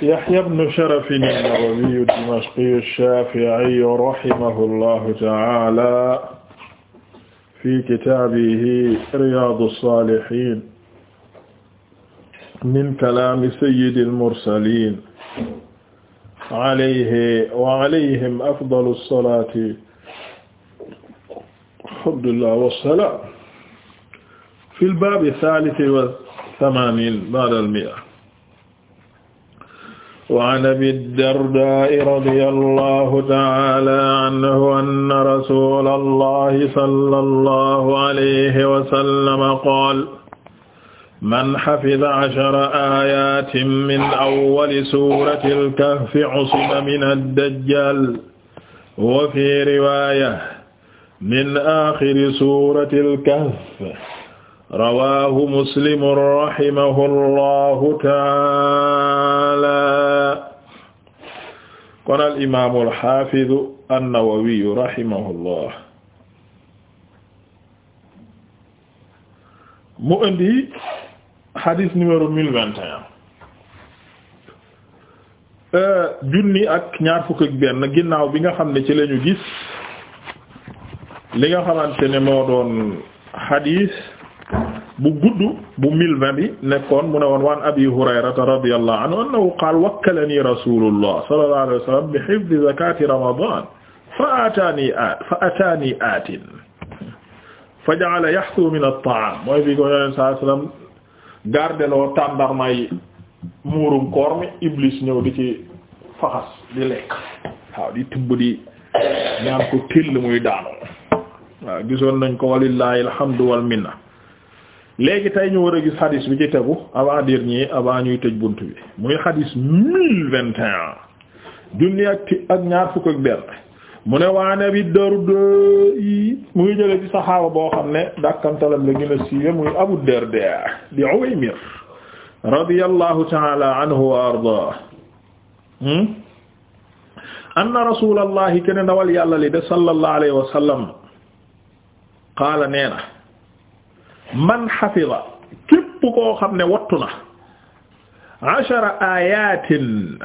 Yahya ibn Sharaf an-Nawawi ad-Dimashqi ash-Shafi'i rahimahullahu ta'ala fi kitaabihi Riyaadu s-Saalihiin min kalaami sayyidi l-mursaliin alayhi wa alayhim afdalu s-salaati alhamdulillah wa s-salaam fi l-baabi ath-thaalith wa thamaaniin ba'da l-mi'a وعن أبي الدرداء رضي الله تعالى عنه أن رسول الله صلى الله عليه وسلم قال من حفظ عشر آيات من أول سورة الكهف عصم من الدجال وفي رواية من آخر سورة الكهف رواه مسلم رحمه الله تعالى kon al imaamu al nawawi rahimahullah mu indi hadith numéro mille vingt et un euh, junni ak ñaar fukk benn ginnaaw bi nga xam ne ci lañu gis li nga xamante ne moo doon hadith bu gudd bu mille vingt bi nekkoon mu ne woon waan abi hurayrata radiyallahu anhu annahu qaal wakkalani rasulullah sallallahu alayhi wa sallam bi hifdi zakati ramadan fa ataani a fa ataani atin fa ja'ala yahsu min at-ta'am mooy bi ko yoneen saai sallam gardeloo tàndarmay muurum koor mi iblis ñëw di ci faxas di lekk waaw di tibb di ñaan ko till muy daanoo waaw gisoon nañ ko walillahi alhamdu wal minna léegi tey ñu war a gis xadis bi ci tegu avant dernier avant ñuy tëj bunt bi muy xadis mille ak ti ak ñaar fukk ak benn mu ne waane bi Darda yi mu ngi jële ci saxaaba boo xam ne dàkkantalam la gën a siiwe muy Abu Darda di Uwaymir radiyallahu ta'ala anhu wa ardaa hmm? anna rasulallahi kenn dawal yàlla li de sallallahu alayhi wa sallam qaala neena man xafida képp koo xam ne wattu na ashara ayatin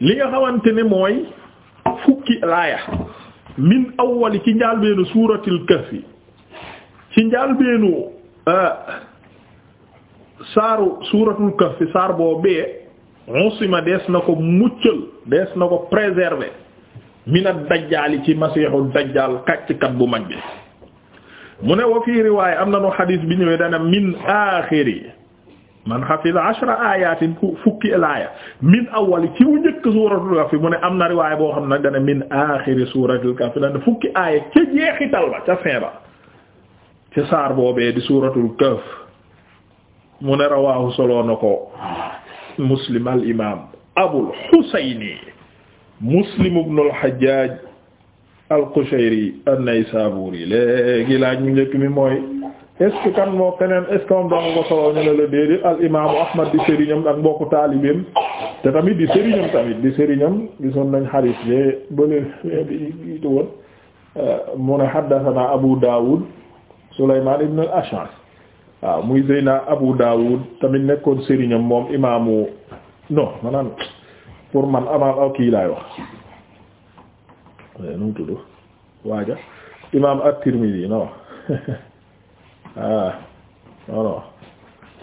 li nga xamante ne mooy fukki laaya min awwali ci njaalbeenu suuratil kahfi ci njaalbeenu euh, saaru suuratul kahfi saar boobee usima dees na ko muccal dees na ko préserver min ad dajjaali ci masiixu dajjaal kàcckat bu mag bi mu ne wa fii riwaaya am na nu xadiis bi ñëwee dana min aaxiri man xafida ashra fukki laaya min awali ci wu njëkk suuratul kahfi mu ne am na riwaaya boo xam na dana min aaxiri suuratul kahfi dana fukki aaya ca jeexital ba ca fin ba saar boobee di suuratul kahf mu ne rawaahu soloo na ko muslim al imaam abul xusayni muslim ibnul xajjaaj al-Qushayri an-Naysaburi léegi laaj mu njëkk mi mooy est-ce que kan moo keneen est-ce que moom danga ko solo ñu ne la déedéet al imaamu Ahmad di sëriñam ak mbokku taalibeem te tamit di sëriñam tamit di sëriñam gisoon nañ xarit bee bële bi jiitu woon euh, mu ne haddathana Abu Dawud Sulayman ibn al waaw muy Zeyna Abu Dawud tamit nekkoon sëriñam moom imaamu non maanaam pour man amaam aw wax Eh, nu mu tudd waaja imaam at-Tirmidhi non ah,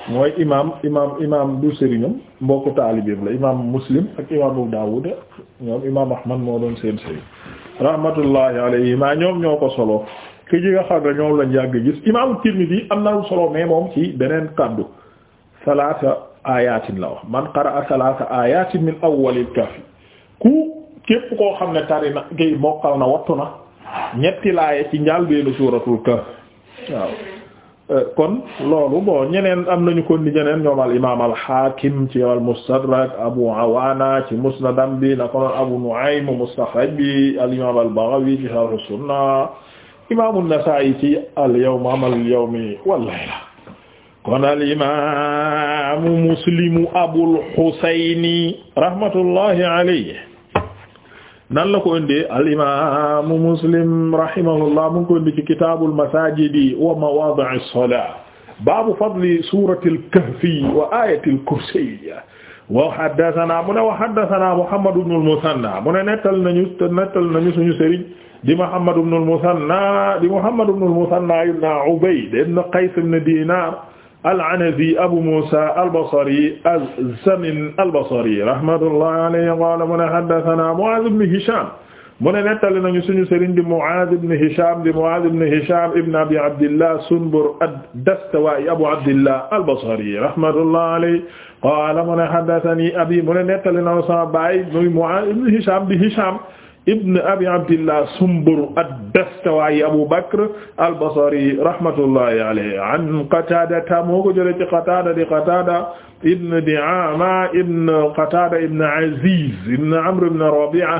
mooy imaam imaam imaam du sëriñam mbokku taalibeem la imaam Muslim ak imaam Abu Dawud imaam Ahmad moo doon seen sëriñ rahmatullahi alayhima ñoom ñoo ko solo ki ji nga xam ne ñoom lañ yàgg gis imaam Tirmidhi am na lu solo mais moom ci beneen kàddu salaasa ayatin la wax man qara'a salaasa ayatin min awwalil kahfi ku képp koo xam ne tari na kii mokkal na wattu na ñetti laaye ci njàlbeelu suuratul kahf waaw euh, kon loolu bon ñeneen am nañu kon ni ñeneen ñoom al imaam al hakim abu awaana ci musnadam bi na ko abu nu'aym mustakhraj bi al imaam al baghawi ci sharh imaam an-nasa'i ci al yawm amal al yawmi wal layla kon al imaam muslim abul husayni rahmatullahi alayhi nan la ko indee al imaamu muslim rahimahullah mu ngi ko indi ci kitaabul masaajidi wa mawaadi'i salaa baabu fadli suuratil kahfi wa aayatil kursiy wa haddasanaa mu ne wa haddasanaa Muhammad ibnul Musanna mu ne nettal nañu nettal nañu suñu sëriñ di Muhammad ibnul Musanna di Muhammad ibnul Musanna ibn Ubayd ibn Qays ibn Dinar al-Anazi Abu Musa al-Basri az-Zamin al-Basri rahmatullahi alayhi qala mu ne haddathana Mu'az ibn Hisham mu ne nettali nañu suñu sëriñ di Mu'az ibn Hisham di Mu'az ibn Hisham ibn Abi Abdillah Sunbur ad-Dastuwaa'i Abu Abdillah al-Basri rahmatullahi alayhi qala mu ne haddathani abi mu ne nettali nañu sama baay muy Mu'az ibn Hisham di Hisham ibn abi abdillah sumbur ad-dastawaay abu bakr al-basri rahmatullahi alayhi an qataadata moo ko jëlee ci qataada di qataada ibn di'aama ibn qataada ibn aziz ibn amr ibn rabi'a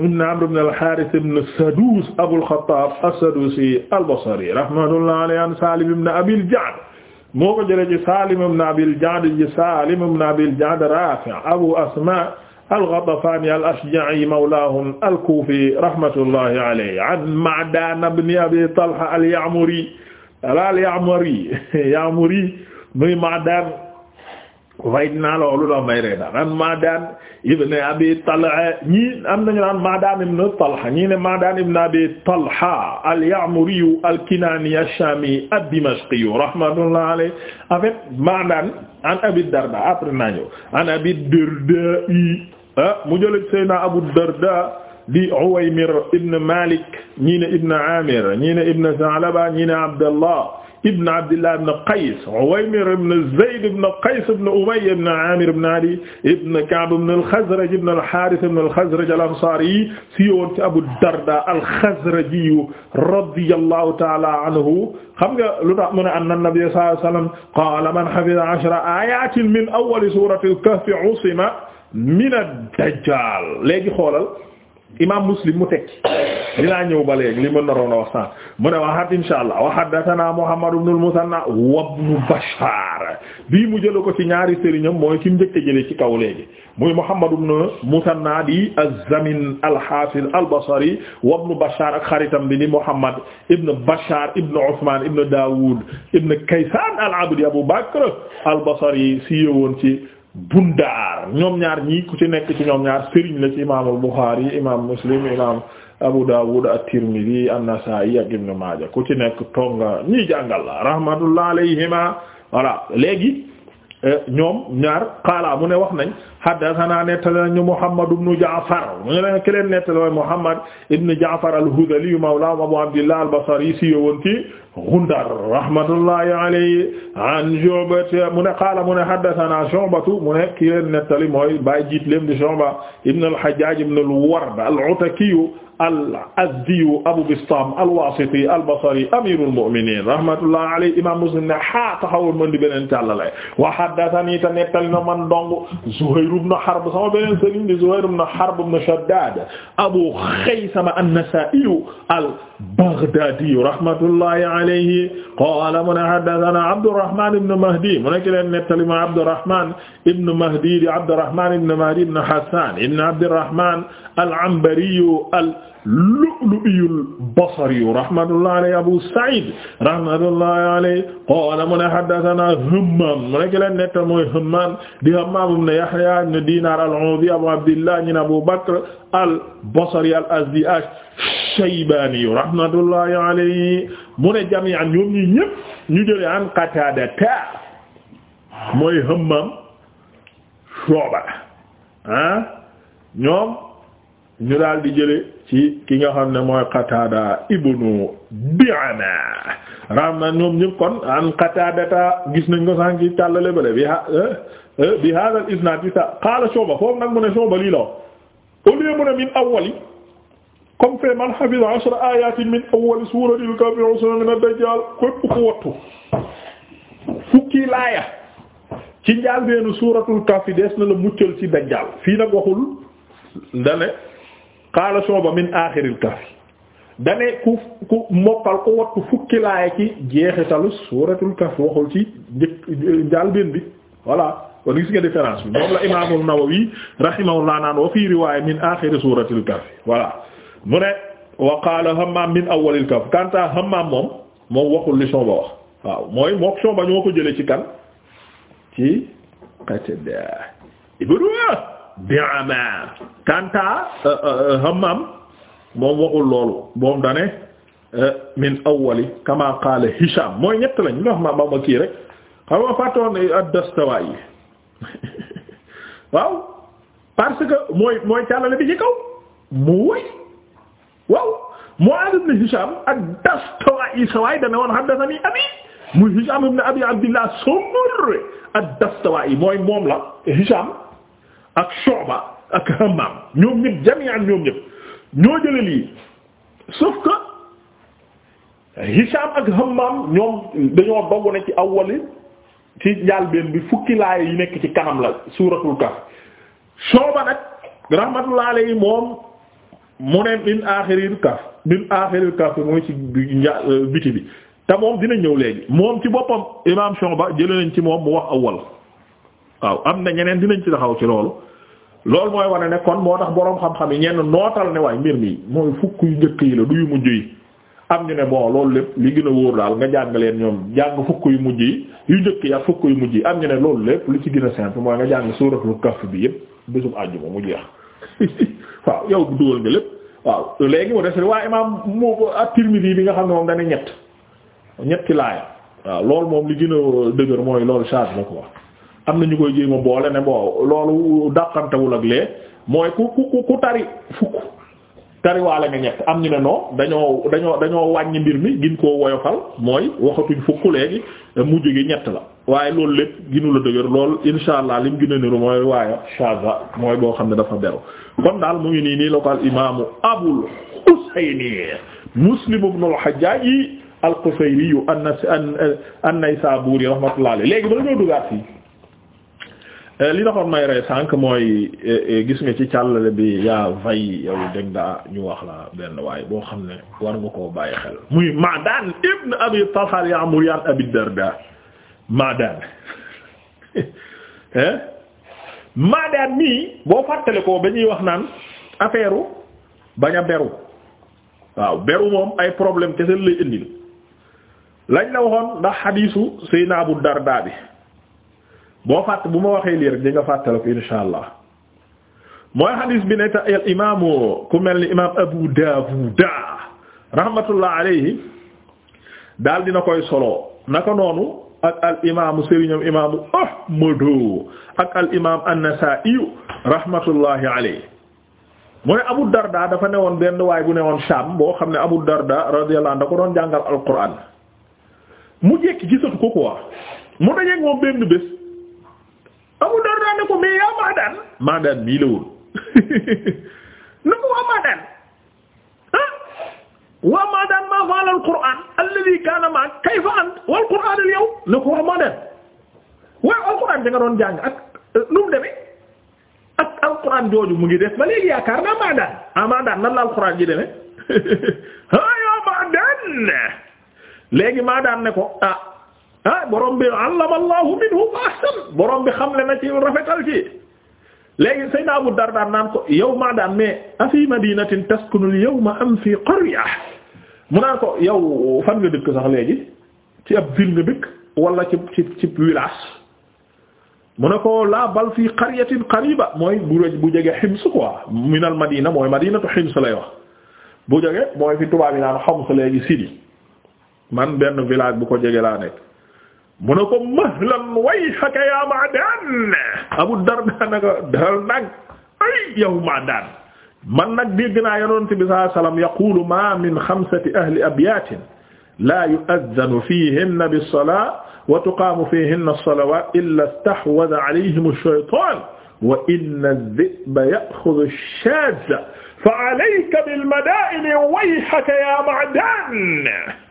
ibn amr ibn al-harith ibn sadus abu al-khattab as-sadusi al-basri rahmatullahi alayhi an salim ibn abil ja'd moo ko jëlee ci salim ibn abil ja'd ji salim ibn abil ja'd rafi' abu asma al-Ghatafani al-Ashja'i mawlahum al-Kufi rahmatullahi alayhi an Ma'dan ibn Abi Talha al-Ya'muri al-Ya'muri Ya'muri muy Ma'dan way dinaa loolu dax may ree daan an Ma'dan ibn Abi Talha ñii am nañu naan Ma'dan ibn Talha ñii ne Ma'dan ibn Abi Talha al-Ya'muri al-Kinani ash-Shami ad-Dimashqi rahmatullahi alayhi en fait Ma'dan an Abi Darda après naa ñëw an Abi Darda mu jëlëg Seydina Abu Darda di Uwaymir ibn Malik ñii ne ibn Amir ñii ne ibn Sa'laba ñii ne Abdallah ibn Abdillah ibn Qays Uwaymir ibn Zayd ibn Qays ibn Umayya ibn Amir ibn Ali ibn Ka'b ibn al-Khazraj ibn al-Harith ibn al-Khazraj al-Ansari si woon ci Abu Darda al-Khazraji radiyallahu ta'ala anhu xam nga lu tax mu ne anna Nabiyya sallallahu alayhi wa sallam qala man hafiza ashra ayatin min awwali surati al-Kahf usima min ad léegi xoolal imam muslim mu tekki dinaa ñëw ba léegi li ma naroon a wax mu ne waxaat insha allah wa haddathana muhammad ibn musanna wa ibn bii mu jëla ko ci ñaari sëriñam mooy ki njëkk a jële ci kaw léegi muy muhammad ibn musanna di az-zamin al-hafiz al-basri wa ibn bashar ak xaritam bi ni muhammad ibn bashar ibn usman ibn dawud ibn kaysan al-abdi abu bakr al-basri siiwoon ci bundaar ñoom ñaar ñii ku ci nekk ci ñoom ñaar sëriñ la ci imaam al-Bukhari imaam Muslim imaam Abu Dawud at-Tirmidhi an-Nasa'i ak Ibn Maaja ku ci nekk tonga ñii jàngal la rahmatullah alayhima voilà léegi eh, ñoom ñaar xaalaa mu ne wax nañ haddasanaa nettali nañu Muhammad ibn Ja'far mu ne ki leen nettali mooy Muhammad ibn Ja'far al-Hudhali mawla Abu Abdillah al-Basri siiwe woon ci Ghundar rahmatullahi alayhi an Shu'ba mu ne qaala mu ne haddasanaa Shu'ba mu ne ki leen nettali mooy bàyyi jiit leen di Shu'ba ibn al-Hajjaj ibn al-Ward al-Ataki al-Azdi Abu Bistam al-Wasiti al-Basri amirul mu'minin rahmatullahi alayhi imam Muslim ne xaa taxawul mën di beneen càllale wa haddathani ta nettali na man dong Zuhayr ibn Harb sama beneen sëriñ di Zuhayr ibn Harb ibn Shaddad Abu Khaysama an-Nasa'i al-Baghdadi rahmatullahi alayhi qala mu ne haddathana Abdurrahman ibn Mahdi mu nekk leen nettali ma Abdurrahman ibn Mahdi di Abdurrahman ibn Mahdi ibn Hassan ibn Abdurrahman al-Anbariyu al-Lu'lu'iyul Basriyu rahmatullahi alayhi Abu Sa'id rahmatullahi alayhi qaala mu ne haddathana Hammam mu nekk leen netta mooy Hammam di Hammam ibn Yahya ibn Dinar al-Awdi Abu Abdillah ibn Abu Bakr al-Basri al-Azdi ash-Shaybani rahmatullahi alayhi mu ne jami'an ñoom ñi ñépp ñu jëlee an Qatada mooy Hammam Shu'ba ah ñoom ñu daal di jële ci ki nga xam ne mooy Qatada ibnu Bi'ama raam na ñoom ñëpp kon an Qatadata gis nañ ko sànq ci tàllale bale bi ha eh, eh, bi hada al isnad sa qaala Shu'ba foofu nag mu ne lii la au lieu mu ne min awwali comme fe man hafiza ashra ayatin min awwali suratil kahfi usra min ad-dajjal képp ko wattu fukki laaya ci njaal beenu suratul kahfi dees na la muccal ci dajjal fii nag waxul dane qaala shuba min aaxiril kahfi dane ku ku mokkal ku wattu fukki laaya ci jeexitalu suuratul kahf waxul ci njëkk njàlbéen bi voilà kon gis nga différence bi moom la imaamul Nawawi rahimahullah naan wa fii riwaaya min aaxiri suuratil kahf voilà mu ne wa qaala Hammaam min awwalil kahf kanta Hammaam moom moom waxul li Shuba wax waaw mooy mook Shuba ñoo ko jëlee ci kan ci Qataada ibn Ruwaah bi Ammaar kanta euh, euh, euh, Hammaam moom waxul loolu moom dane min awwali kama qaala Hisham mooy ñett lañ ñoo xam ma ba ma kii rek xam nga fàttoon ad-Dastawaayi waaw parce que mooy mooy càllale bi ci kaw mu wëy waaw Mu'aaz ibn Hisham ad-Dastawaayi sawaay dane woon haddathanii abi muy Hisham ibn Abi Abdillah Sumr ad-Dastawaayi mooy moom la Hisham ak Shu'ba ak Hammam ñoom ñëpp jami'an ñoom ñëpp ñoo jëlee lii sauf que Hisham ak Hammam ñoom dañoo dogg na ci awwali ci njàlbeen bi fukki laaya yi nekk ci kanam la suuratul Kahf Shu'ba nag rahmatullahi alayhi moom mu ne min aaxiril Kahf min aaxiril Kahf mooy ci biti bi te moom dina ñëw léegi moom ci boppam imaam Shu'ba jëlee nañ ci moom mu wax awwal. waaw am na ñeneen dinañ ci taxaw ci loolu loolu mooy wane ne kon moo tax boroom xam-xam yi ñenn nootal ne waay mbir mi mooy fukk yu njëkk yi la du yu mujj yi am ñu ne bon loolu lépp li gën a wóor daal nga jàng ñoom jàng fukk yu mujj yi yu njëkk yi ak yu mujj am ñu loolu lépp lu ci gën a simple mooy nga jàng suuratul Kahf bi yépp bésub àjjuma mu jeex waaw yow dugal nga lépp waaw léegi mu des waaye imaam moo at yi bi nga xam ne moom dañuy ñett ñetti laaya waaw loolu moom li gën a dëgër mooy loolu charge la quoi am na ñu koy jéema boole ne bon loolu dàqantewul ak lee mooy ku ku ku tari fukk tariwaale nga ñett am ñu ne non dañoo dañoo dañoo wàññi mbir mi gin koo woyofal mooy waxatuñ fukk léegi mu gi ñett la waaye loolu lépp ginu la dëgër lool insha allah lim gën a niru mooy waaye shaza mooy boo xam ne dafa beru kon daal mu ngi nii nii la ko al imaamu abul husayni muslim ibn al hajjaji al qushayri an an an naysaburi rahmatullahi léegi ba ñoo dugaat Euh, li taxoon may rey sànq mooy euh, euh, gis nga ci càllale bi yaa vay yow dégg daa ñu wax la benn waaye boo xam ne war nga koo bàyyi xel muy Ma'dan ibn Abi Talha ya'muru an Abi Darda Ma'dan hein Ma'dan nii boo fàttale ko ba ñuy wax naan affaire bañ a beru waaw beru moom ay problème kese lay indil lañ la waxoon ndax xadiisu Seydina Abu Darda bi boo fàtt bu ma waxee lii rek di nga fàttale ko insha allah mooy xadiis bi ne te al imaamu ku mel ni imaam Abu Daawuda rahmatullah alayhi daal dina koy solo naka noonu ak al imaamu sëriñam imaamu Ahmadu ak al imaam An-Nasaa'i rahmatullahi alayhi mu ne Abu Darda dafa newoon benn waay bu newoon Sham boo xam ne Abu Darda radiyallahu anhu da ko doon jàngal Alquran mu jekki gisatu ko quoi mu dajeek moom benn bés. ne ko mais yaa maa mii la woon na waa maa ah waa maa maa faala al qur'an alladhi kaana ma kayfa ant wal qur'an al yow ne ko waa maa daan al qur'an da doon jàng ak euh, nu mu ak al qur'an jooju mu ngi def ba léegi yaakaar naa maa daan ah nan la al qur'an ji demee ah yaa maa daan léegi ne ko ah, ah borom bi allama allahu minhu ma ahsan na ci rafetal ci léegi Seydina Abu Darda naan ko yow maa daan mais afi madinatin taskunu al-yawma am fi qarya mu naan ko yow fan nga dëkk sax léegi ci ab ville nga dëkk wala ci ci ci village mu ne ko la bal fi qaryatin qariba mooy bu bu jege Hims quoi min al madina mooy madinatu Hims lay wax bu jege mooy fi tubaab yi naan Homs léegi Sidi man benn village bu ko jege laa nekk. mu ne ko mahlan wayhaka ya Ma'dan Abu Darda naka dal nag ay yow Ma'dan man nag dégg naa yonent bi sallallahu alayhi wasallam yaqulu ma min khamsati ahli abyatin la yu'adhanu fihinna bis-salati wa tuqamu fihinna as-salawat illa istahwadha alayhim ash-shaytan wa inna adh-dhi'ba ya'khudhu ash-shadh fa alayka bil-mada'ini wayhaka ya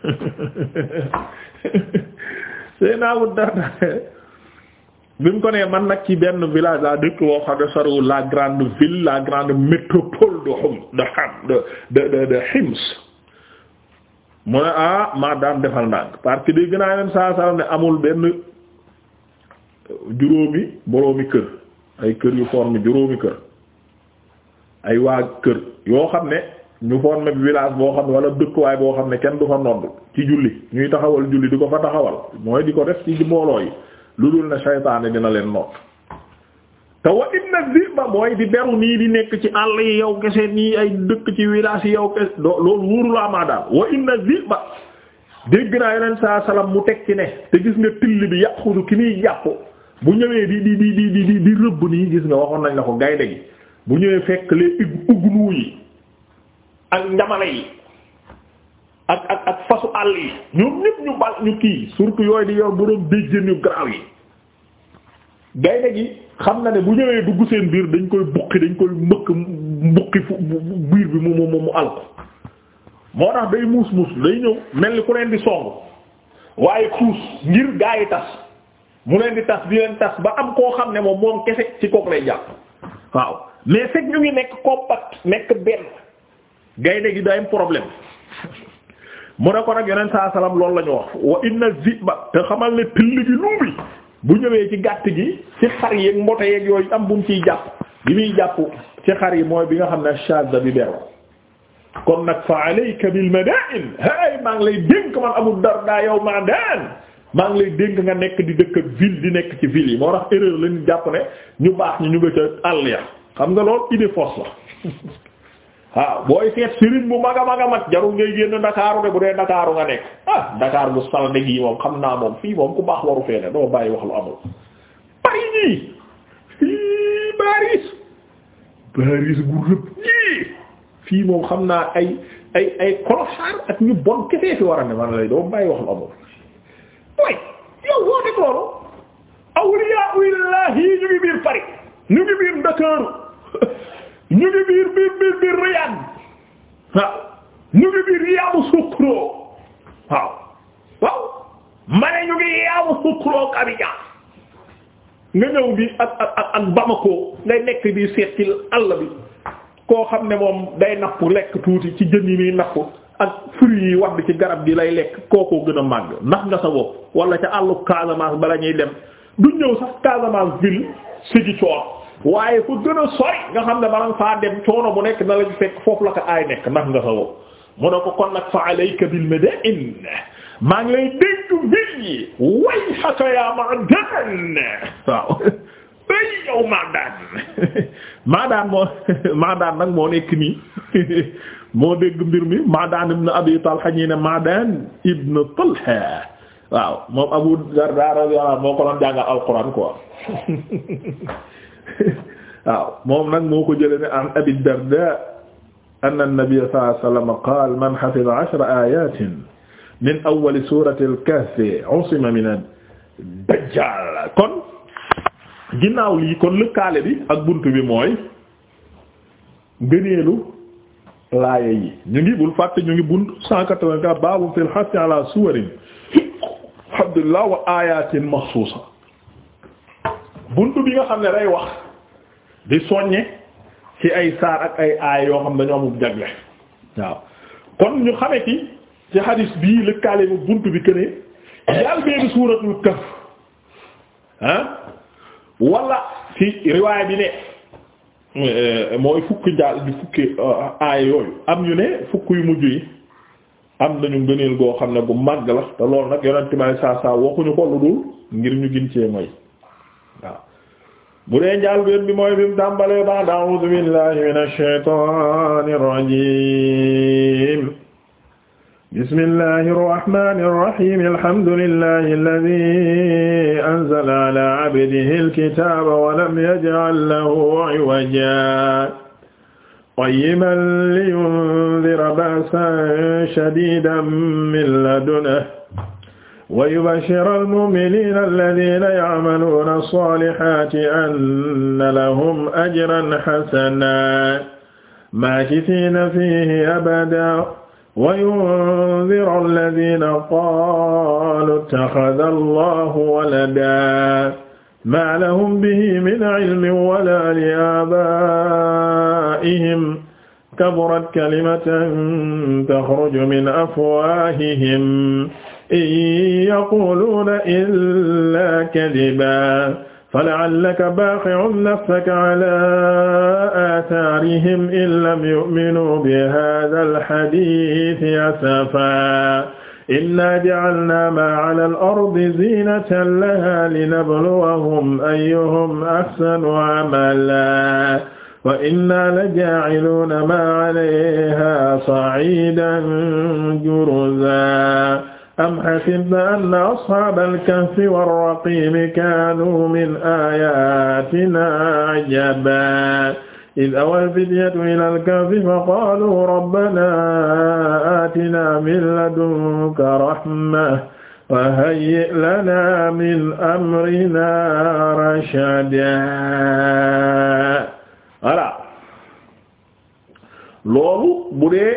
Ma'dan Seydina Abu Darda bi mu ko nee man nag ci benn village la dëkk woo xam ne la grande ville la grande métropole de Homs de Ham de de de Hims mu ne ah madame defal ndànk parce que day gën a saa saa ne amul benn juróomi boroomi kër ay kër yu forme juróomi kër ay waa kër yoo xam ne. ñu foon nag village boo xam ne wala dëkkuwaay boo xam ne kenn du fa nodd ci julli ñuy taxawal julli di ko fa taxawal mooy di ko def ci mbooloo yi lu dul ne saytaane dina leen nodd te wa inna ziba mooy di beru nii di nekk ci àll yi yow kese nii ay dëkk ci village yi yow kese loolu wóoru maa daal wa inna ziba dégg naa yeneen saa salaam mu teg ci ne te gis nga till bi yàqudu ki muy yàqu bu ñëwee di di di di di di rëbb nii gis nga waxoon nañ la ko gaynde gi bu ñëwee fekk les ak njamale yi ak ak ak fasu àll yi ñoom ñépp ñu bal ñu kii surtout yooyu di yor boroom béjjén yu garaaw yi gaynde gi xam na ne bu ñëwee dugg seen biir dañ koy buqi dañ koy mbëkk mbuqi fu biir bi mu mu mu alko moo tax day muus muus day ñëw mel ni ku leen di song waaye xuus ngir gaa tas mu leen di tas di leen tas ba am koo xam ne moom moom kese ci kook lay jàpp waaw mais fekk ñu ngi nekk compact nekk benn gaynde gi day am problème mu ne ko nag yeneen saa salaam loolu la wax wa inna ziba te xamal ne till gi luubi bu ñëwee ci gàtt gi ci xar yeeg mbote yooyu am bu mu ciy jàpp bi muy jàpp ci xar yi mooy bi nga xam ne shadda bi beru kon nag fa alayka bil madain hay maa ngi lay dénk man Abu Darda yow madan maa ngi lay dénk nga nekk di dëkk ak ville di nekk ci ville yi moo tax erreur lañu jàpp ne ñu baax ñu ñu nga ca àll ya xam nga lool idée fausse la ah booy seet sëriñ bu mag a mag jarul ngay génn Dakar de bu dee Dakar nga nekk ah Dakar bu sànni gi moom xam naa moom fii moom ku baax waru fee doo bàyyi wax lu amul. Paris fii moom xam naa ay ay ay coloxaar yow woo dëkk loolu awliyaa illahi ñu ngi biir Paris ñu ngi biir Dakar. ñu ngi biir biir biir biir Riyad waaw ñu ngi biir yaabu sukkro waaw waaw ma ñu ngi yaabu sukkro Abidjan nga ñëw bi ak ak ak ngay nekk bi seet ci àll bi koo xam ne moom day napp lekk tuuti ci jën yi muy napp ak fruits yi wax ci garab gi lay lekk kookoo gën a màgg ndax nga sa bopp wala ca àllu Casamance bala ñuy dem du ñëw sax Casamance ville si di waaye fu gën a sori nga xam ne maanaam faa dem coono bu nekk na la fekk foofu la ko aay nekk ndax nga fa wow mu ne ko kon nag fa alayka bil madaa'in maa ngi lay dégg ville nag moo nekk nii moo dégg mbir mi Ma'daan ibn Abi Talha ñi ne Ma'daan ibn Talha waaw moom Abu Darda radiyallahu moo ko doon jàngal alquran quoi waaw moom nag moo ko jëlee ne an Abi Darda anna an-nabiy sallallahu alayhi wa sallam qaala man hafiza ashra ayatin min awwali surati al-kahfi usima min ad-dajjal kon ginnaaw lii kon lëkkaale bi ak bunt bi mooy gëneelu laaya yi ñu ngi bul fàtte ñu ngi bunt 184 baabu fil hassi ala suwarin hamdulillah wa ayatin maxsuusa buntu bi nga xam ne day wax di soññe ci ay saar ak ay aay yoo xam ne dañoo amul jagle waaw kon ñu xame ci ci hadis bii lëkkaale mu buntu bi kënee yàlla benn suuratul kaf ah wala ci riwaay bi ne euh, mooy fukki jaal bi fukki euh, aay yooyu am ñu ne fukk yu mujj yi am nañu ngëneel goo xam ne bu màgg la te loolu nag yonent bi saa saa waxuñu ko dul ngir ñu gin cee moy waaw bu dee njaal benn bi mooy bi mu tàmbalee baax a'uuzu billahi minash shaytaanir rajiim bismillahir rahmanir rahim alhamdulillahi alladhi anzala ala abdihi alkitaba wa lam yaj'al lahu 'iwajan qayyiman liyundhira ba'san shadidan min ladunhu wa yubashshiru al-mu'miniina alladhiina ya'maluuna as-saalihaati anna lahum ajran hasanan maakithiina fiihi abadan wa yunziru alladhiina qaaluu ittakhadha Allahu waladan maa lahum bihi min ilmin walaa li-aabaa'ihim kaburat kalimatan takhruju min afwaahihim in yaquluuna illaa kadiba fala'allaka baaxi'un nafsaka alaa aasaarihim in lam yu'minuu bihaazal hadiisi asafaa innaa ja'alnaa maa 'alal ardi ziinatan lahaa linabluwahum ayyuhum ahsanu 'amalaa wa innaa lajaa'iluuna maa 'alayhaa sa'iidan juruzaa am hasibta anna ashaabal kahfi war-raqiimi kaanuu min aayaatinaa ajabaa iz awal fityatu ilal kahfi faqaaluu rabbanaa aatinaa min ladunka rahmatan wa hayyi' lanaa min amrinaa rashadaa. voilà loolu bu dee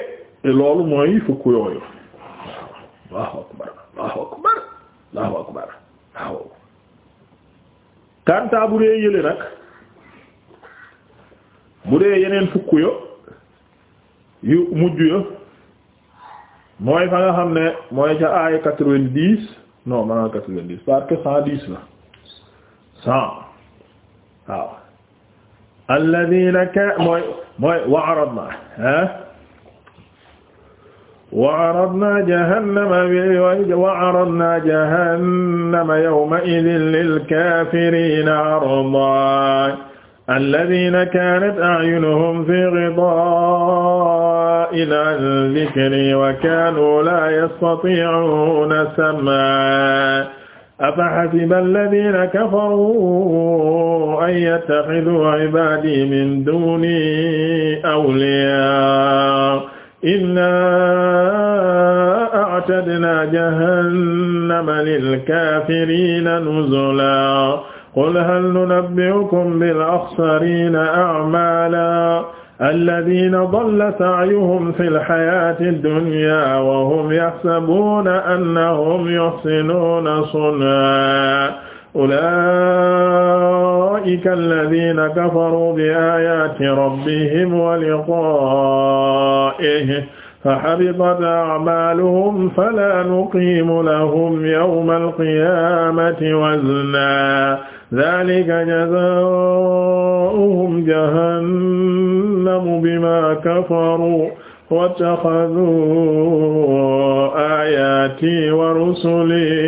loolu mooy fukk yooyu. Allahu akbar Allahu akbar Allahu akbar waaw kanta bu dee yële nag bu dee yeneen fukk yo yu mujj yo mooy fa nga xam ne mooy ca aaya quatre-vingt-dix non maanaam quatre-vingt-dix parce que cent dix la cent waaw alladina ka mooy mooy wa aradna ah وعرضنا جهنم وعرضنا جهنم يومئذ للكافرين عرضا الذين كانت أعينهم في غطاء عن ذكري وكانوا لا يستطيعون سمعا أفحسب الذين كفروا أن يتخذوا عبادي من دوني أولياء innaa a'tadnaa jahannama lilkaafiriina nuzulaa qul hal nunabbi'ukum bil axsariina a'maalaa alladiina dalla sa'yuhum fil hayaati dunyaa wa hum yaxsabuuna annahum yuxsinuuna sun'aa ulaa'ika allaziina kafaruu bi aayaati rabbihim wa liqaa'ihi fahabitat a'maaluhum falaa nuqiimu lahum yawmal qiyaamati waznaa zaalika jazaa'uhum jahannamu bimaa kafaruu wattaxazuu aayaatii wa rusulii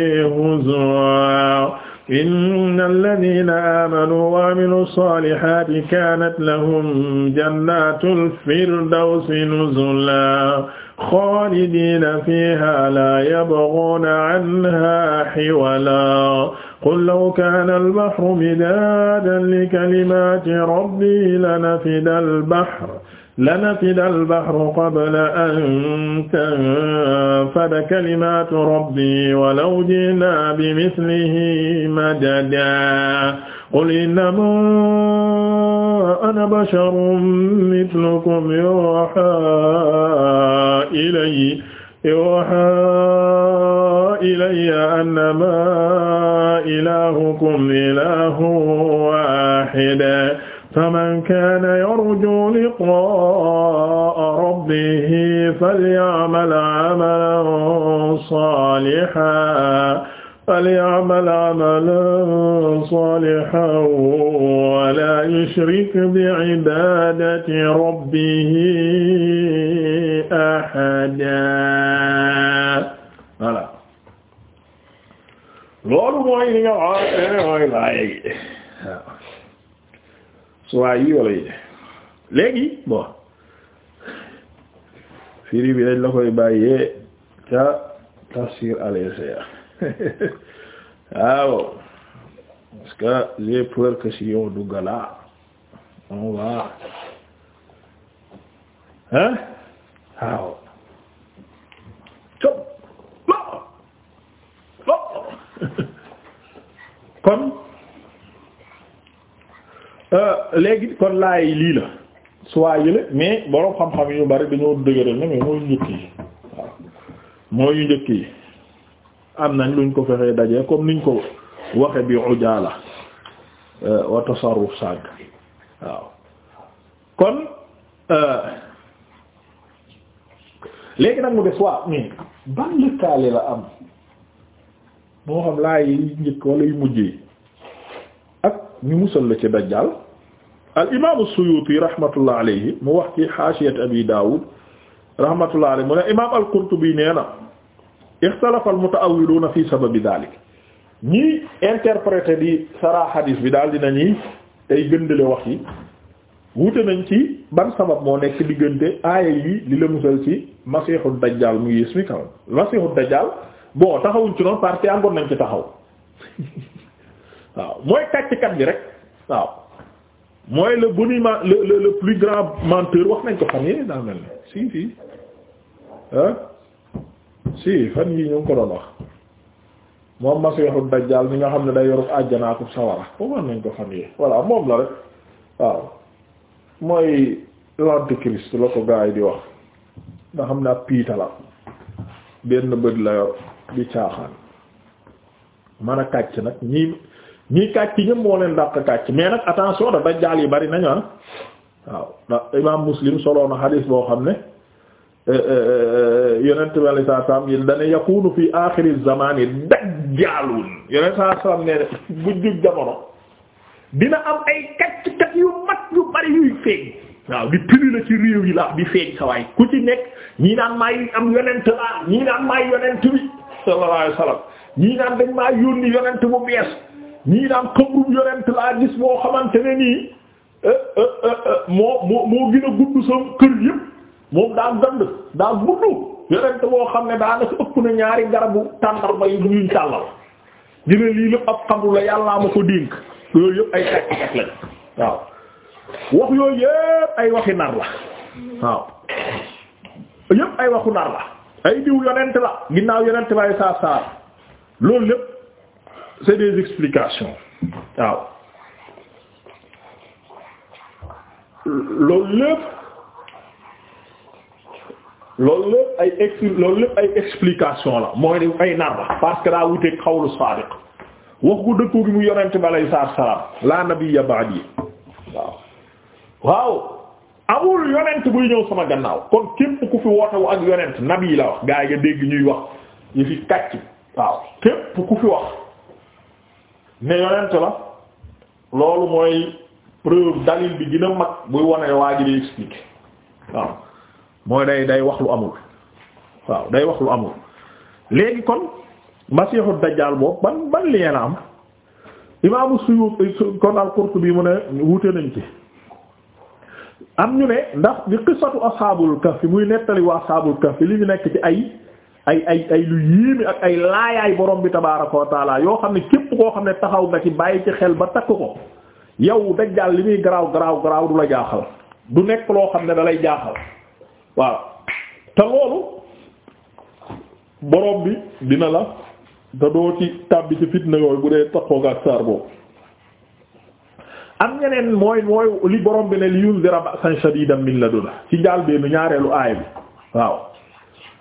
inna alladina amanu wa amilu salihati kanat lahum jannatul firdawsi nuzula xaalidina fiha la yabghuna anha hiwala qul law kana albahru midadan likalimati rabbi lanafida albahru lanafida al-bahru qabla an tanfada kalimaatu rabbii walaw ji'naa bimislihi madadaa qul innamaa ana basharun mislukum yuuhaa ilayya yuuhaa ilayya annamaa ilaahukum ilaahun waahid faman kaana yarjuu liqaa'a rabbihi falya'mal 'amalan saalihan falya'mal 'amalan saalihan wa laa yushrik bi'ibaadati rabbihi ahadan voilà loolu mooy li nga wax mooy laay suwaa yi wala yi léegi bon firi bi dañ la koy bàyyee ca tafsir al-Isaia waaw parce que j'ai peur que si yow du gala on va hein waaw cop lo lo kon Euh, léegi kon laay lii la soit yële mais borom xam-xam yu bari dañoo dëgëral ne mais mooy njëkk yi waaw njëkk yi am nañ luñ ko fexee dajee comme niñ ko waxe bi ujaala euh, wa tasarruf sàgg waaw kon euh, léegi nag mu des waa mais ban lëkkaale la am moo xam laay yi njëkk wala yu mujj yi ak ñu musal la ci dajjaal al imaamu Suyuti rahmatullah mu wax ci xaasiyat Abi Daawud rahmatullah alayhi mu ne imaam al-Qurtubi nee na ixtalafa al-muta'awwiluuna fi sababi daalik ñii interprété di saraa xadiis bi daal dina ñi tey gëndale wax yi wuute nañ ci ban sabab moo nekk diggante aaya yi li la musal ci masiixu dajjaal mu yées mi kaw masiixu dajjaal boo taxawuñ ci noonu parce que àndoon nañ ci taxaw waaw mooy kàcc kat bi rek waaw. mooy le boniment le le le plus grand menteur wax nañ ko fan yii daa mel ni si si ah si fan yii ñu ngi ko doon wax moom ma masiixu dajjaal ni nga xam ne day yorub àjjanaakub sawara foofu wax nañ ko fan yii voilà moom la rek waaw mooy l'antéchrist la ko gaa di wax nga xam ne ab piita la benn bët la yor di caaxaan mën a kàcc nag ñii. ñi kàcc ñëpp moo leen dàq kàcc mais nag attention dafa dajjaal yi bari nañu ah waaw ndax imaam muslim solo na xadiis boo xam ne euh, euh, euh, yonent bi alayhi salaam yi dana yakunu fi aaxiri zamani dajjaalun yonent saa salaam nee bu jug jamono dina am ay kàcc kàcc yu mag yu bari yuy feeñ. waaw di pili la ci réew yi la di feeñ sa waay ku ci nekk ñii naan maay am yonent laa ñii naan maay yonent bi sallallahu alayhi wasallam ñii naan dañ maa yónni yonent bu bees. ñii daan xamrum yonent laa gis moo xamante ne nii eh, eh, eh, moo moo moo gën a gudd sa kër yëpp moom daa gand daa gudd yonent boo xam ne daanaka ëpp na ñaari garabu tàndarma yi ñuy tàllal dina lii la yàllaa ma ko dénk yooyu yëpp ay tàkk lañ waaw wax yooyu yëpp ay waxi nar la waaw yëpp ay waxu nar la ay diw yonent la ginnaaw yonent bay saar saar loolu lépp c'est des explications waaw loolu lépp loolu lépp ay ex loolu lépp ay explication la mooy ne nar la parce que daa wuteeg xawlu saadiq wax gu dëkku gi mu yonent bi alayhi salaam la nabiyya ba'di waaw waaw amul yonent buy ñëw sama gannaaw kon képp ku fi wootewu ak yonent nabi la wax gaa yi nga dégg ñuy wax yi fi kàcc waaw képp ku fi wax ne yonent la loolu mooy preuve dalil bi dina mag buy wane waa ji di expliquer waaw mooy day day wax lu amul waaw day wax lu amul léegi kon masiixu dajjaal boobu ban ban lien la am imaamu Suyuuti eh, kon al-Qurtubi mu ne wuute nañ ci am ñu ne ndax di qissatu ashaabul kahfi muy nettali waa ashaabul kahfi li ñu nekk ci ay ay ay ay lu yéeme ak ay laayaay borom bi tabaaraka wa yoo xam ne képp koo xam ne taxaw nga ci bàyyi ci xel ba takk ko yow dajjaal li muy garaaw garaaw garaaw du la jaaxal du nekk loo xam ne dalay jaaxal waaw te loolu borom bi dina la te doo ci tàbbi ci fitna yooyu bu dee taxaw nga ak saar boobu. am ñeneen mooy mooy li borom bi ne li yunzira ba'san shadidan min ladunna ci jaal beenu ñaareelu aay bi waaw.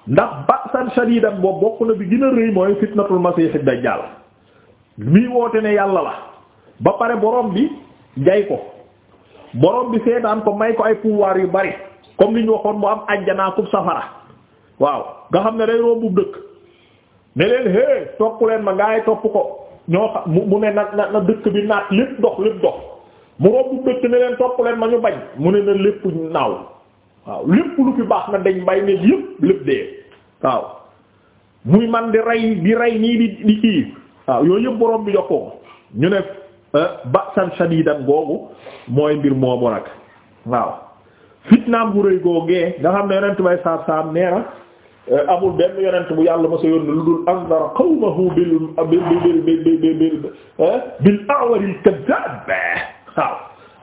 ndax ba'san shadidan boobu bokk na bi gën a rëy mooy fitnatul masiixid jàll mii woote ne yàlla la ba pare boroom bi jay ko borom bi seetaan ko may ko ay pouvoir yu bari comme li ñu waxoon mu am ajjanaa kub safara waaw nga xam ne day bu dëkk ne leen hé topp leen ma ngay topp ko ñoo xam mu ne na na dëkk bi naat lépp dox lépp dox mu rombu dëkk ne leen topp leen ma ñu bañ mu ne na lépp naaw waaw lépp lu fi baax na dañ mbay ne yëpp lépp dee waaw muy man di rey di rey nii di di kii waaw yooyu yëpp borom bi jox ko ñu ne euh, ba'san shadidan googu mooy mbir moomu nag waaw fitnaam bu rëy googee nga xam ne yonent bay saab saab nee euh, amul benn yonent bu yàlla mos a yónni lu dul anzara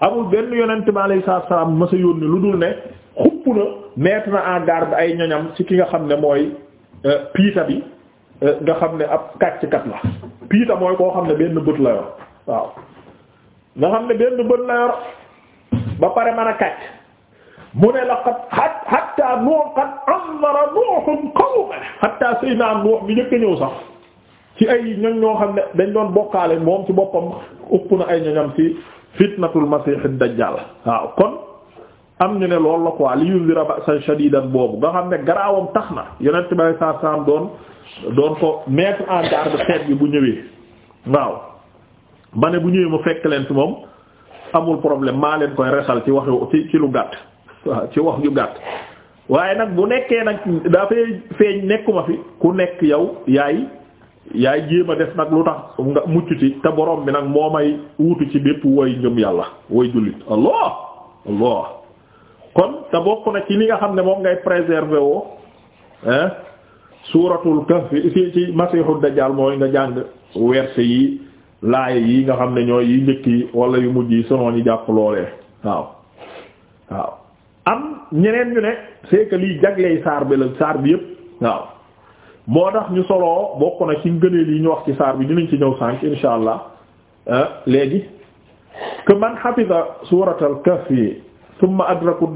amul benn yonent bi alayhi salaam mos a yónni lu dul ne xupp na mettre na en garde ay ñoñam ci ki nga xam ne mooy euh, piita bi euh, nga xam ne ab kàcckat la piita mooy koo xam ne benn bët la yor waaw nga xam ne benn bët la ba pare mën a kàcc mu ne la xat xat xatta nuux xat andara nuuxum xawma xatta sëy naa nuux bi njëkk ñëw sax ci ay ñoñ ñoo xam ne dañ doon bokkaale moom ci boppam upp na ay ñoñam ci fitnatul masiixid dajjaal waaw kon am ñu ne loolu la quoi li yundira ba'san shadidan boobu nga xam ne garaawam tax na yonent bi alayhi salaatu salaam doon doon ko mettre en garde xeet bi bu ñëwee waaw ba ne bu ñëwee mu fekk leen fi moom amul problème maa leen koy resal ci wax ci ci lu gàtt waaw ci wax ju gàtt waaye nag bu nekkee nag dafay feeñ nekkuma fi ku nekk yow yaay yaay jéem a def nag lu tax nga mucc ci te borom bi nag moo may wuutu ci bépp woy ngëm yàlla woy jullit allah allah kon te bokk na ci li nga xam ne moom ngay préserver woo hein suuratul kahf ci ci masiixu dajjaal mooy nga jàng verset yi laay yi nga xam ne ñooy yi njëkk yi wala yu mujj yi sonoon yi jàpp loolee waaw waaw am ñeneen ñu ne c'est que lii jagley saar bi la saar bi yëpp waaw moo tax ñu soloo bokk na ci ngëneel yi ñu wax ci saar bi dinañ ci ñëw sànk insha allah léegi que man hafiza suuratul kahf summa adraku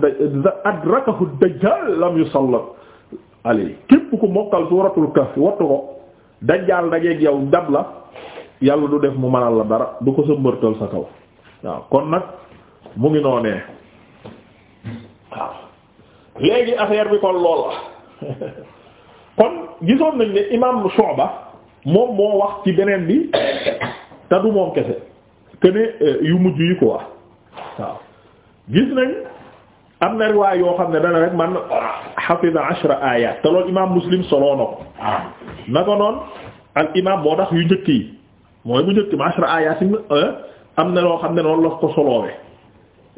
adrakahu dajjal lam yusallat alayhi képp ku mokkal suuratul kahf wattu ko dajjaal dajeeg yow dab la yàlla du def mu mënal la dara du ko sa mbërtal sa kaw waaw kon nag mu ngi noonee léegi affaire bi kon lool la kon gisoon nañ ne imaam Shu'ba moom moo wax ci beneen bi te du moom kese que euh, yu mujj yi ko wax waaw gis nañ am na riwaay yoo xam ne dana rek man hafiza ashra ayat imaam muslim soloo na ko ah. na ko noonu al imaam boo tax yu njëkk yi mooy bu njëkk ma ashra euh, am na loo xam ne noonu la ko soloowe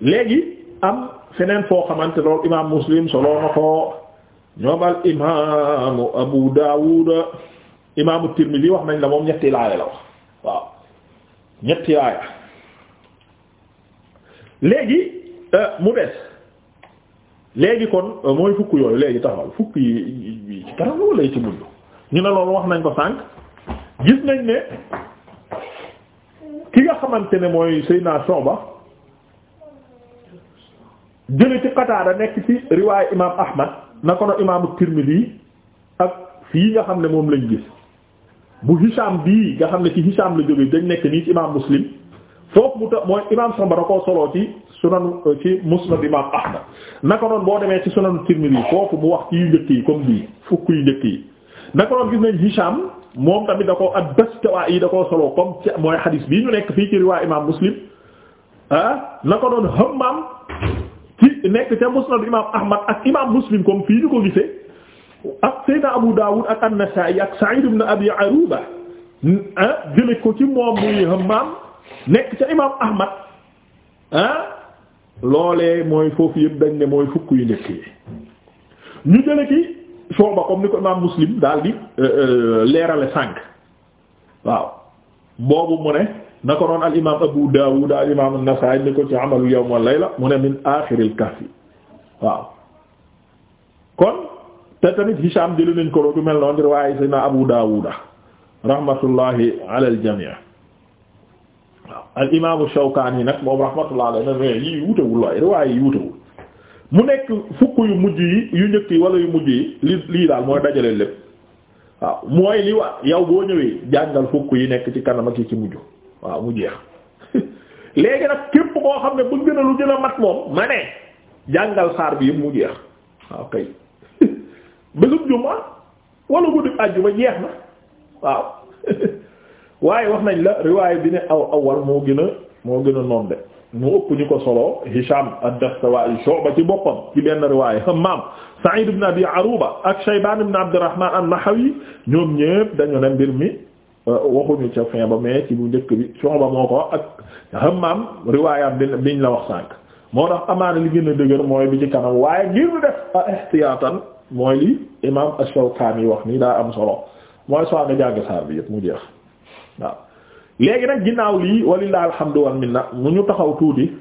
léegi am feneen foo xamante loolu imaam muslim soloo na ko al imaamu abu daawud imaamu tirmidhi wax nañ la moom ñetti laaya la wax ñetti laaya léegi mu des léegi kon euh, mooy fukk yooyu léegi taxawal fukk yi ci kanam wala ci mujj ñu ne loolu wax nañ ko sànk gis nañ ne ki nga xamante ne mooy Seydina Soba jële ci Qataada nekk ci riwaayu imaam Ahmad na ko no imaamu Tirmidhi ak fii nga xam ne moom lañ gis bu Hisham bii nga xam ne ci Hisham la jóge dañ nekk nii ci imaam Muslim foofu mu ta mooy imaam Soba da koo soloo ci. sunan euh, ci musnad imam ahmad naka noonu boo demee ci sunan tirmidhi foofu mu wax ci yu njëkk yi comme bii fukk yu njëkk yi naka noonu gis nañ hisham moom tamit da ak ad-Dastuwaa'i da koo soloo comme ci mooy xadiis bii ñu nekk fii ci riwaay imam muslim ah naka noonu hammam nekk ca musnad imam ahmad ak imam muslim comme fii ñu ko gisee ak sayyidina abu dawud ak an ak sa'id ibn abi aruba ah, jële ko ci moom muy hammam nekk ca imam ahmad ah, loolee mooy foofu yëpp dañ ne mooy fukk yu njëkk yi ñu jële ci Shuba comme ni ko imaam Muslim daal di euh, euh, leerale sànq waaw boobu mu ne na ko noon al imaam Abu Dawud al imaam an ni ko ci amalu yawm wal layla mu ne min aaxiril kahfi waaw kon te tamit Hisham jëli nañ ko loolu mel noonu riwaaya Sayyidina Abu Dawud rahmatullahi ala al waaw al imaamu Shawkaani nag moom rahmatullah alayhi yi wutewul waaye riwaaye yi wutewul mu nekk fukk yu mujj yi yu njëkk yi wala yu mujj yi li lii daal mooy dajale lépp waaw mooy li wa yow boo ñëwee jàngal fukk yi nekk ci kanam ak yi ci mujj waaw mu jeex léegi nag képp koo xam ne bëgg na lu gën a mat moom ma ne jàngal saar bi yëpp mu jeex waaw kay bésub juma wala guddib àjjuma jeex na waaw waaye wax nañ la riwaaya bi ne aw awal moo gën a moo gën a noon de mu ëpp ñu ko solo Hisham ad-Dastawa'i Shu'ba ci boppam ci benn riwaaya Hammam Sa'id ibn Abi Aruba ak Shayban ibn Abdurrahman an-Nahawi ñoom ñépp dañu ne mbir mi euh, waxuñu ca fin ba mais ci bu njëkk bi Shu'ba moo ko ak Hammam riwaayaam biñ la wax sànq moo tax amaana li gën a dëgër mooy bi ci kanam waaye ngir ñu def ihtiyaatan mooy li imam ash-Shawkani wax nii daa am solo mooy so a jàng saar bi yëpp mu jeex waaw léegi nag ginnaaw lii walillahi alhamdu wal minna mu ñu taxaw tuuti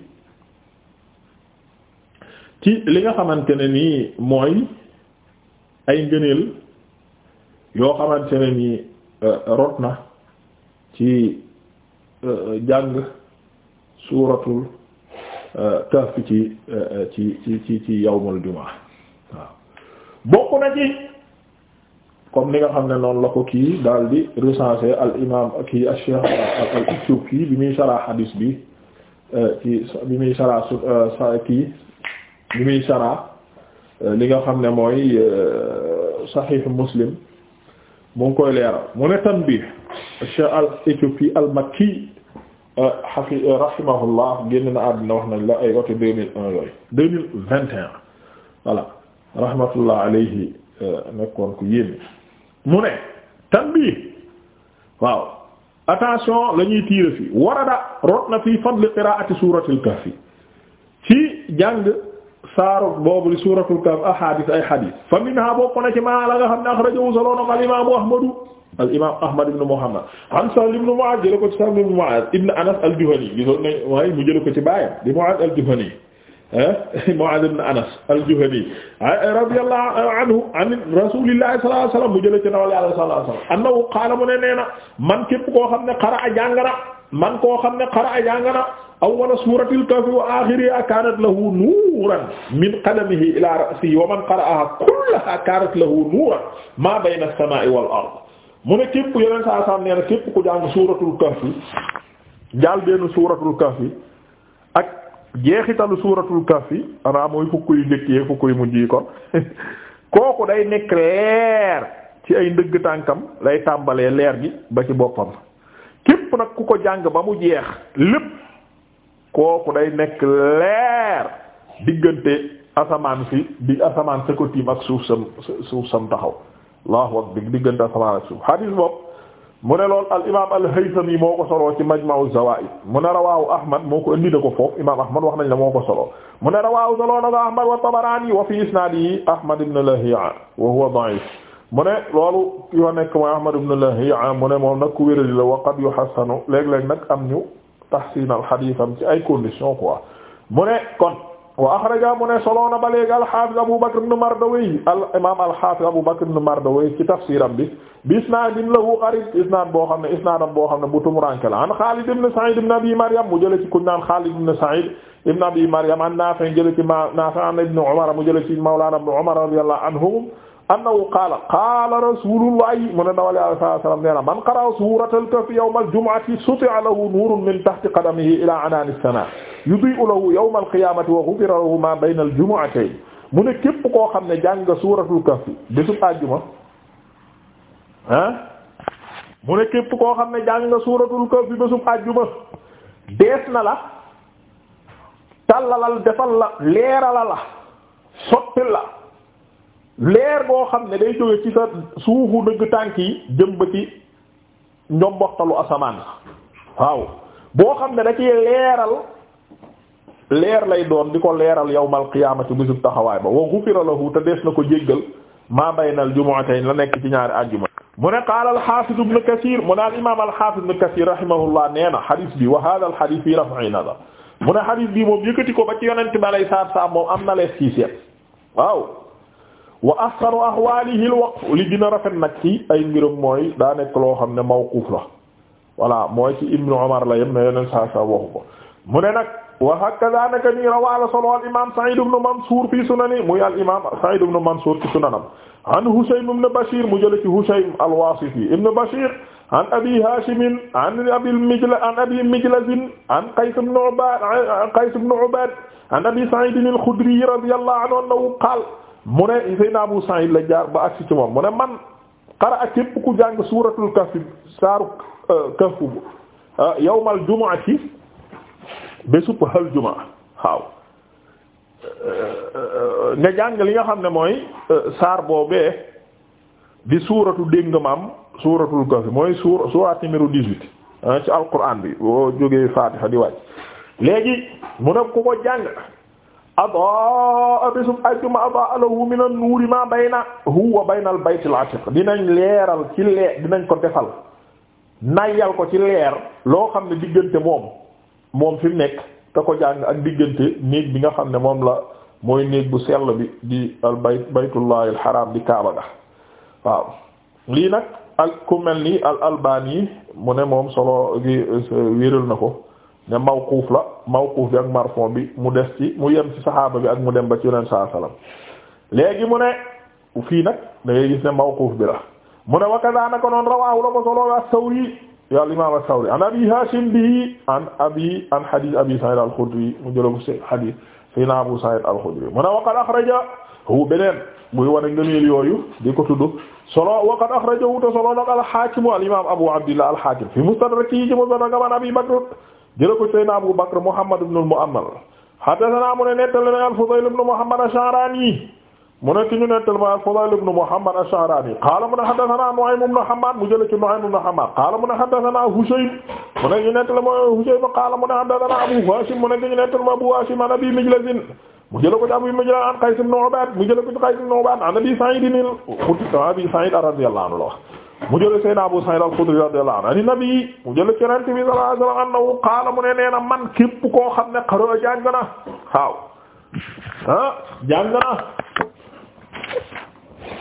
ci li nga xamante ne nii mooy ay ngëneel yoo xamante ne nii euh, rot na ci euh, jàng suuratul euh, Kahf ci ci ci ci yawmul jumaa waaw bokk na ci comme li nga xam ne noonu la ko kii daal di recensé al imam kii al-Cheikh al-Ethiopi bi muy sarah hadis bi euh, ci bi muy sarah euh, sa kii bi muy sarah euh, li nga xam ne mooy Sahih Muslim mu ngi koy leeral mu ne tanbih Cheikh al-Ethiopi al-Makki hafi rahimahullah génn na àddina wax nañ la ay wote deux mille un yooyu deux vingt et voilà rahmatullah alayhi nekkoon ku yéeme mu ne tanbiih waaw attention la ñuy tiire fi warada rot na fii fadli qiraati suuratul kahfi ci jàng saaro boobu li suuratul kahf ahadis ay hadis fa minha bokk na ci maa la nga xam ne axrajahu soloonam al imaamu ahmadu al imaam ahmad ibn muhammad an sahl ibn mu'aaz jële ko ci sahl ibn mu'aaz ibn anas al juhani gisoon nañ waaye mu jële ko ci baayam di mu'aaz al juhani Mu'aaz ibn Anas al-Juhani radiyallahu anhu an rasuulillahi sallallahu alayhi wa sallam mu jëlee ci ndawal Yàlla sallallahu alayhi wa sallam annahu qaala mu ne nee na man képp koo xam ne qara'a jàngara man koo xam ne qara'a jàngara awwala suuratil kahfi wa aaxirihaa kaanat lahu nuuran min qadamihi ilaa ra'sihi wa man qara'ahaa kullahaa kaanat lahu nuuran maa bayna as-samaa'i wal ard mu ne képp yeneen saa saam nee na képp ku jàng suuratul kahfi jaal benn suuratul kahfi ak jeexitalu suuratul kahfi anaa mooy fukk yu njëkk yi fukk yu mujj yi kon kooku day nekk leer ci ay ndëgg tànkam lay tàmbalee leer gi ba ci boppam képp nag ku ko jàng ba mu jeex lépp kooku day nekk leer diggante asamaan si di asamaan sa ko tiim ak suuf sam suuf sam taxaw allahu akbar diggante asamaan ak suuf hadis bopp mu lool al imaam al haythami moo ko soloo ci majma'u zawaid mu ne rawaahu ahmad moo ko indi da ko foofu imaam ahmad wax nañ la moo ko soloo mu ne rawaahu soloo na ko ahmad wa tabarani wa fi isnaadihi ahmad ibn lahi'a wa huwa da'if mu ne loolu yoo nekk a ahmad ibn lahi'a mu ne moom nag ku wérali la wa qad yuhassanu léeg-léeg nag am ñu tahsin al haditham ci ay condition quoi mu ne wa axraja mu ne soloona ba léegi al-Haafiz Abu Bakr ibn Mardawayh al imaam al-Haafiz Abu Bakr ibn Mardawayh ci tafsiram bi bi isnaadin lahu gariib isnaad boo xam ne isnaadam boo xam ne bu tumuranke la an Xaalid ibn Sa'iid ibn Abi Maryam mu jële ci ku ñu naan Xaalid ibn Sa'iid ibn Abi Maryam an Naafi' jële ci ma Naafi' an ibn Umar mu jële ci mawlaana ibn Umar radiyallahu anhum annahu qaala qaala rasulullahi mu ne dawal alayhi salaam nee na man qara'a suuratal kahfi yawmal jumu'ati suti'a lahu nuurun min tahti qadamihi ilaa anaani samaa yudii'u lahu yawmal qiyaamati wa ghufira lahu maa bayna al-jumu'atayn mu ne képp koo xam ne jàng nga suuratul kahfi bésu àjjuma ah mu ne képp koo xam ne jàng nga suuratul kahfi bésu àjjuma dees na la tallalal defal la leeralal la sotti la. leer boo xam ne day jóge ci sa suufu dëgg tànk yi jëm ba ci njomboxtalu asamaan waaw boo xam ne da ciy leeral leer lay doon di ko leeral yawmal qiyaamati bisub taxawaay ba wa ghufira lahu te dees na ko jéggal maa baynal jumu'atayn la nekk ci ñaari àjjuma mu ne qaala al-Haafiz ibn Kasiir mu ne al-imaam al-Haafiz ibn Kasiir rahimahullah nee na xadis bi wa haadha al-hadiis fii raf'i nadar mu ne xadis bii moom yëkkati ko ba ci yonent bi alayhi salaatu wa salaam am na lees wa ahsanu ahwalihi al waqf li gën a rafet nag ci ay mbiram mooy daa nekk loo xam ne mawquf la voilà mooy ci ibnu Umar la yem ne yeneen saa saa waxu ko mu ne nag wa hakaza naka nii rawaala solo al imam Sa'id ibn Mansur fi sunani muy al imam Sa'id ibn Mansur ci sunanam an Hushaym ibn Bashir mu jële ci Hushaym al-Wasiti ibn Bashir an abi Hashim an abi Mijla an abi Mijlaz an Qays ibn Ubad Qays ibn Ubad an abi Sa'id al-Khudri radiyallahu anhu qaala mu ne Seydina Abu Sa'id la jaar ba agsi ci moom mu ne man xara ak képp ku jàng suuratul kahf saaru euh, kahf euh, yawmal jumaa ci bésub hal jumaa waaw euh, nga jàng li nga xam ne mooy saar boobee di suuratu dégg maam suuratul kahf mooy suur suuraat numéro dix-huit ah, ci alquran bi boo jógee Fatiha di wàcc léegi mu ne ku ko jàng adaa bisum ajjuma adaa lahu min an-nuuri ma bayna huwa bayna al-bayt atiq dinañ leeral ci leer dinañ ko defal nayal ko ci leer loo xam ne diggante moom moom fi nekk te ko jàng ak diggante néeg bi nga xam ne moom la mooy néeg bu sell bi di al bayt baytullahi al haram di kaaba ga waaw lii nag al ku mel ni al albani mu ne moom solo wéral na ko ne mawquuf la mawquuf bi ak marfon bi mu des ci mu yem ci saxaaba bi ak mu dem ba ci yonent saa salaam léegi mu ne fii nag da ngay gis ne mawquuf bi la mu ne wakadana ko noon rawaahu la ko solo as-Sawri ya al-imam as-Sawri an abi Hashim bi an abi an hadith abi Sa'id al-Khudri mu jëlo ko ci hadith sayna Abu Sa'id al-Khudri mu ne waqad akhrajahu beneen muy wane ngëneel di ko tudd solo waqad akhrajahu te solo nag al-Hakim al-imam Abi Bakr jëla ko Seydina Abu Bakr Muhammad ibn al-Mu'ammal haddathana mu ne nettali na al-Fudayl ibn Muhammad ash-Sha'rani mu ne ki ma al-Fudayl ibn Muhammad ash-Sha'rani qaala mu ne Nu'aym ibn Hammad mu jëla ci Nu'aym ibn Hammad qaala mu ne haddathana Hushaym mu ne ñu nettali ma Hushaym qaala mu ne haddathana Abu Hashim mu ne ki ma Abu Hashim an Abi Mijlaz mu jëla ko ci Abi Mijlaz an Qays ibn Ubaad mu jëla ko ci Qays ibn Ubaad an Abi Sa'id mu jële Seydina Abu Sa'id al-Khudri radiyallahu anhu nabi mu jële ci Yonent a sallallahu alayhi wa sallam annahu mu ne nee na man képp koo xam ne xara jàng na waaw ah jàng na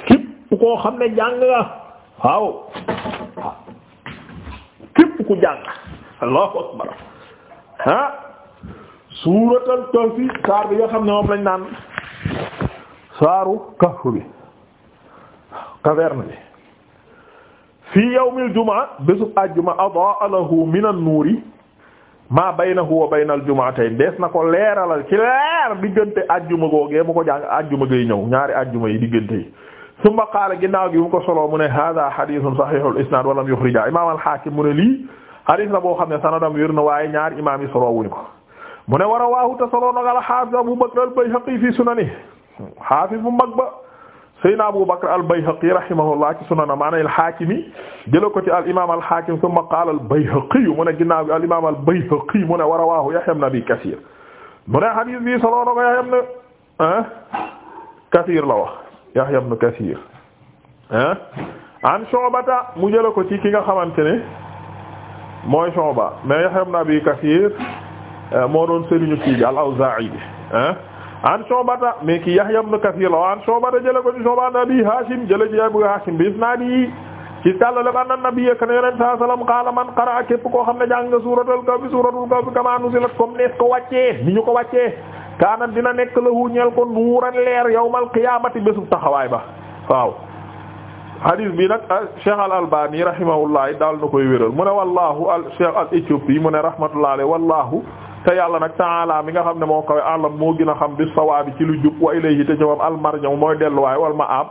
képp koo xam ne jàng nga waaw képp ku jàng Allahu akbar ah suuratul Kahfi saar bi nga xam ne moom lañ naan saaru Kahf bi caverne bi fii yawmil jumaa bésub àjjuma adaa lahu minan nuuri maa baynahu wa baynal jumaatayn dees na ko leeralal ci leer diggante àjjuma googee bu ko jàng àjjuma gay ñëw ñaari àjjuma yi diggante yi summa qaala ginnaaw gi mu ko soloo mu ne hada hadithun sahihul isnad walam yuxrija imam al-hakim mu ne lii hadith la boo xam ne sanadam wér na waaye ñaari imam yi soloo wuñ ko mu ne war a waahuta soloo nagal hafiz abu bakr al-bayhaqi fi sunanihi hafiz bu mag Seydina Abu Bakr al-Bayhaqi rahimahullah ci sunanam maanaam al-Haakimi jëlee ko ci al-imaam al-Haakim thumma qaala al-Bayhaqi mu ne ginnaaw gi al-imaam al-Bayhaqi mu ne wa rawaahu Yahya ibn Abi Kasiir mu ne hadiis bi solo na ko Yahya ibn ah Kasiir la wax Yahya ibn Kasiir ah an Shu'bata mu jëlee ko ci ki nga xamante ne mooy Shu'ba mais Yahya ibn Abi Kasiir ah, moo doon sëriñu kii bi al-Awzaa'i bi ah. an Shubata mais ki Yahya ibn Kathir la an Shubata jële ko ci Shubata abi Hashim jële ci Abu Hashim bi isnaadi ci tallale ba anna nabiyya kana yonent saa sallam qaala man qara'a képp koo xam ne jàng nga suuratul kahfi suuratul kahfi kamaa nuzilat comme nees ko wàccee ni ñu ko wàccee kaana dina nekk lahu ñeel ko nuuran leer yawmal qiyaamati bésub taxawaay ba waaw hadis bi nag Cheikh al Albani rahimahullah daal na koy wéral mu ne wallaahu al Cheikh al Éthiopie mu ne rahmatullahi te yàlla nag ta'ala mi nga xam ne moo kawe alam moo gën a xam bi sawaabi ci lu jub wa ilayhi te ci moom almarjam mooy delluwaay wal ma'ab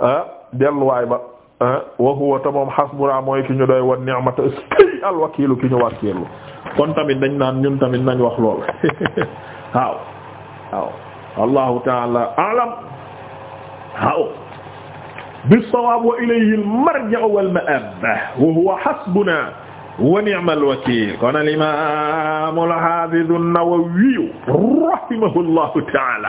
ah, delluwaay ba ah, wa huwa te moom mooy ki ñu doy wa ni'mata ëskay alwakiilu ki ñu wakiilu kon tamit dañ naan ñun tamit nañ wax lool waaw waaw wallahu ta'ala alam waaw bi sawaab wa ilayhi almarja'u wal ma'ab wa huwa hasbuna wa ni'mal wakiil kon al imaam al haafiz an-Nawawi rahimahullahu ta'ala